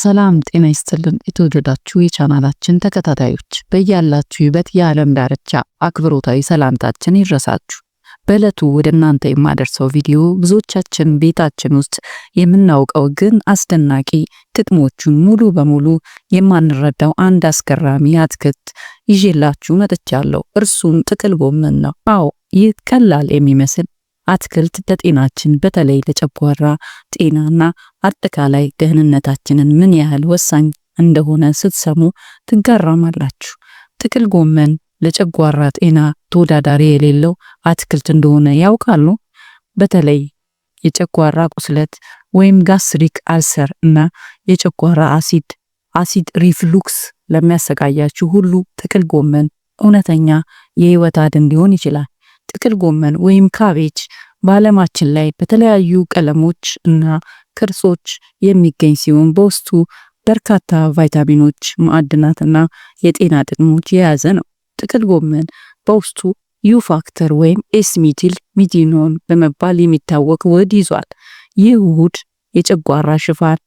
ሰላም ጤና ይስጥልን። የተወደዳችሁ የቻናላችን ተከታታዮች በያላችሁበት የዓለም ዳርቻ አክብሮታዊ ሰላምታችን ይድረሳችሁ። በዕለቱ ወደ እናንተ የማደርሰው ቪዲዮ ብዙዎቻችን ቤታችን ውስጥ የምናውቀው ግን አስደናቂ ጥቅሞቹን ሙሉ በሙሉ የማንረዳው አንድ አስገራሚ አትክልት ይዤላችሁ መጥቻለሁ። እርሱም ጥቅል ጎመን ነው። አዎ ይህ ቀላል የሚመስል አትክልት ለጤናችን በተለይ ለጨጓራ ጤናና አጠቃላይ ደህንነታችንን ምን ያህል ወሳኝ እንደሆነ ስትሰሙ ትገረማላችሁ። ጥቅል ጎመን ለጨጓራ ጤና ተወዳዳሪ የሌለው አትክልት እንደሆነ ያውቃሉ? በተለይ የጨጓራ ቁስለት ወይም ጋስትሪክ አልሰር እና የጨጓራ አሲድ አሲድ ሪፍሉክስ ለሚያሰቃያችሁ ሁሉ ጥቅል ጎመን እውነተኛ የህይወት አድን ሊሆን ይችላል። ጥቅል ጎመን ወይም ካቤጅ በዓለማችን ላይ በተለያዩ ቀለሞች እና ቅርሶች የሚገኝ ሲሆን በውስጡ በርካታ ቫይታሚኖች፣ ማዕድናት የጤና ጥቅሞች የያዘ ነው። ጥቅል ጎመን በውስጡ ዩ ፋክተር ወይም ኤስ ሚቲል ሚቲኖን በመባል የሚታወቅ ውህድ ይዟል። ይህ ውህድ የጨጓራ ሽፋን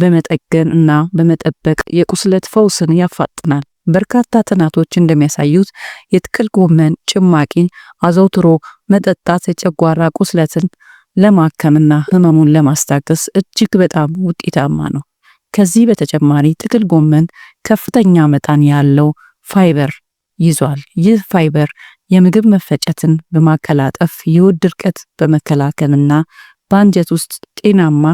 በመጠገን እና በመጠበቅ የቁስለት ፈውስን ያፋጥናል። በርካታ ጥናቶች እንደሚያሳዩት የጥቅል ጎመን ጭማቂ አዘውትሮ መጠጣት የጨጓራ ቁስለትን ለማከምና ህመሙን ለማስታገስ እጅግ በጣም ውጤታማ ነው። ከዚህ በተጨማሪ ጥቅል ጎመን ከፍተኛ መጠን ያለው ፋይበር ይዟል። ይህ ፋይበር የምግብ መፈጨትን በማቀላጠፍ የሆድ ድርቀት በመከላከልና በአንጀት ውስጥ ጤናማ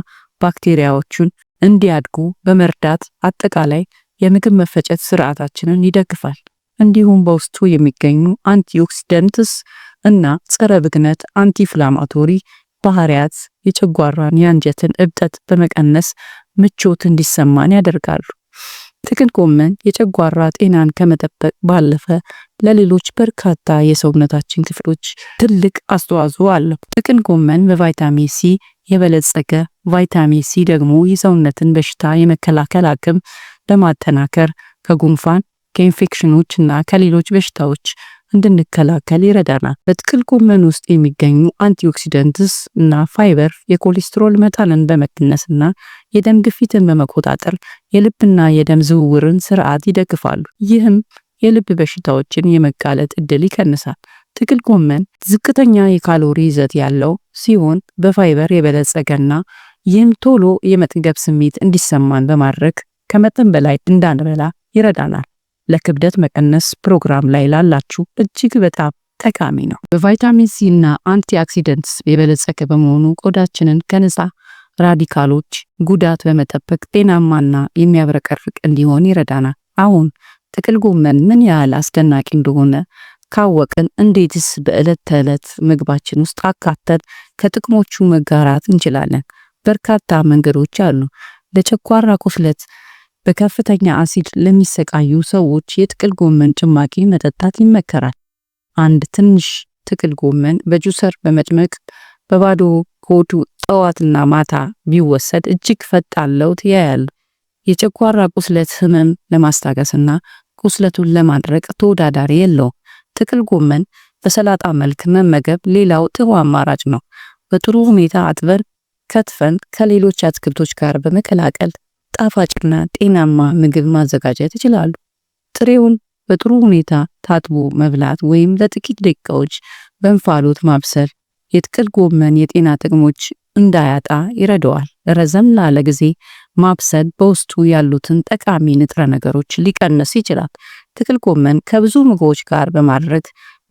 ባክቴሪያዎቹን እንዲያድጉ በመርዳት አጠቃላይ የምግብ መፈጨት ስርዓታችንን ይደግፋል። እንዲሁም በውስጡ የሚገኙ አንቲኦክሲደንትስ እና ጸረ ብግነት አንቲፍላማቶሪ ባህሪያት የጨጓራን የአንጀትን እብጠት በመቀነስ ምቾት እንዲሰማን ያደርጋሉ። ጥቅል ጎመን የጨጓራ ጤናን ከመጠበቅ ባለፈ ለሌሎች በርካታ የሰውነታችን ክፍሎች ትልቅ አስተዋጽኦ አለው። ጥቅል ጎመን በቫይታሚን ሲ የበለጸገ፣ ቫይታሚን ሲ ደግሞ የሰውነትን በሽታ የመከላከል አቅም ለማጠናከር ከጉንፋን ከኢንፌክሽኖች እና ከሌሎች በሽታዎች እንድንከላከል ይረዳናል። በጥቅል ጎመን ውስጥ የሚገኙ አንቲኦክሲደንትስ እና ፋይበር የኮሌስትሮል መጠንን በመቀነስ እና የደም ግፊትን በመቆጣጠር የልብና የደም ዝውውርን ስርዓት ይደግፋሉ። ይህም የልብ በሽታዎችን የመጋለጥ እድል ይቀንሳል። ጥቅል ጎመን ዝቅተኛ የካሎሪ ይዘት ያለው ሲሆን በፋይበር የበለጸገና ይህም ቶሎ የመጥገብ ስሜት እንዲሰማን በማድረግ ከመጠን በላይ እንዳንበላ ይረዳናል። ለክብደት መቀነስ ፕሮግራም ላይ ላላችሁ እጅግ በጣም ጠቃሚ ነው። በቫይታሚን ሲ እና አንቲኦክሲደንትስ የበለጸገ በመሆኑ ቆዳችንን ከነፃ ራዲካሎች ጉዳት በመጠበቅ ጤናማና የሚያብረቀርቅ እንዲሆን ይረዳናል። አሁን ጥቅል ጎመን ምን ያህል አስደናቂ እንደሆነ ካወቅን እንዴትስ በዕለት ተዕለት ምግባችን ውስጥ አካተን ከጥቅሞቹ መጋራት እንችላለን? በርካታ መንገዶች አሉ። ለጨጓራ ቁስለት በከፍተኛ አሲድ ለሚሰቃዩ ሰዎች የጥቅል ጎመን ጭማቂ መጠጣት ይመከራል። አንድ ትንሽ ጥቅል ጎመን በጁሰር በመጭመቅ በባዶ ሆዱ ጠዋትና ማታ ቢወሰድ እጅግ ፈጣን ለውጥ ያያል። የጨጓራ ቁስለት ህመም ለማስታገስና ቁስለቱን ለማድረቅ ተወዳዳሪ የለው። ጥቅል ጎመን በሰላጣ መልክ መመገብ ሌላው ጥሩ አማራጭ ነው። በጥሩ ሁኔታ አጥበር ከትፈን ከሌሎች አትክልቶች ጋር በመቀላቀል ጣፋጭና ጤናማ ምግብ ማዘጋጀት ይችላሉ። ጥሬውን በጥሩ ሁኔታ ታጥቦ መብላት ወይም ለጥቂት ደቂቃዎች በእንፋሎት ማብሰል የጥቅል ጎመን የጤና ጥቅሞች እንዳያጣ ይረዳዋል። ረዘም ላለ ጊዜ ማብሰል በውስጡ ያሉትን ጠቃሚ ንጥረ ነገሮች ሊቀንስ ይችላል። ጥቅል ጎመን ከብዙ ምግቦች ጋር በማድረግ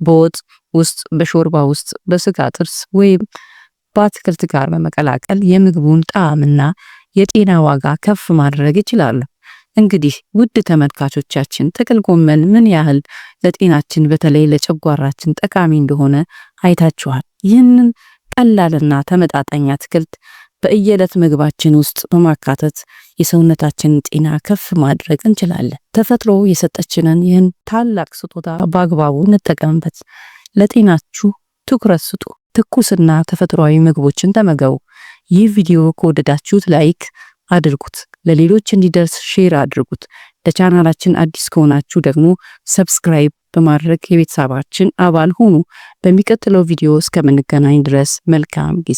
በወጥ ውስጥ፣ በሾርባ ውስጥ፣ በስጋ ጥርስ ወይም በአትክልት ጋር በመቀላቀል የምግቡን ጣዕምና የጤና ዋጋ ከፍ ማድረግ ይችላሉ። እንግዲህ ውድ ተመልካቾቻችን ጥቅል ጎመን ምን ያህል ለጤናችን በተለይ ለጨጓራችን ጠቃሚ እንደሆነ አይታችኋል። ይህንን ቀላልና ተመጣጣኝ አትክልት በእየዕለት ምግባችን ውስጥ በማካተት የሰውነታችንን ጤና ከፍ ማድረግ እንችላለን። ተፈጥሮ የሰጠችንን ይህን ታላቅ ስጦታ በአግባቡ እንጠቀምበት። ለጤናችሁ ትኩረት ስጡ። ትኩስና ተፈጥሯዊ ምግቦችን ተመገቡ። ይህ ቪዲዮ ከወደዳችሁት ላይክ አድርጉት፣ ለሌሎች እንዲደርስ ሼር አድርጉት። ለቻናላችን አዲስ ከሆናችሁ ደግሞ ሰብስክራይብ በማድረግ የቤተሰባችን አባል ሁኑ። በሚቀጥለው ቪዲዮ እስከምንገናኝ ድረስ መልካም ጊዜ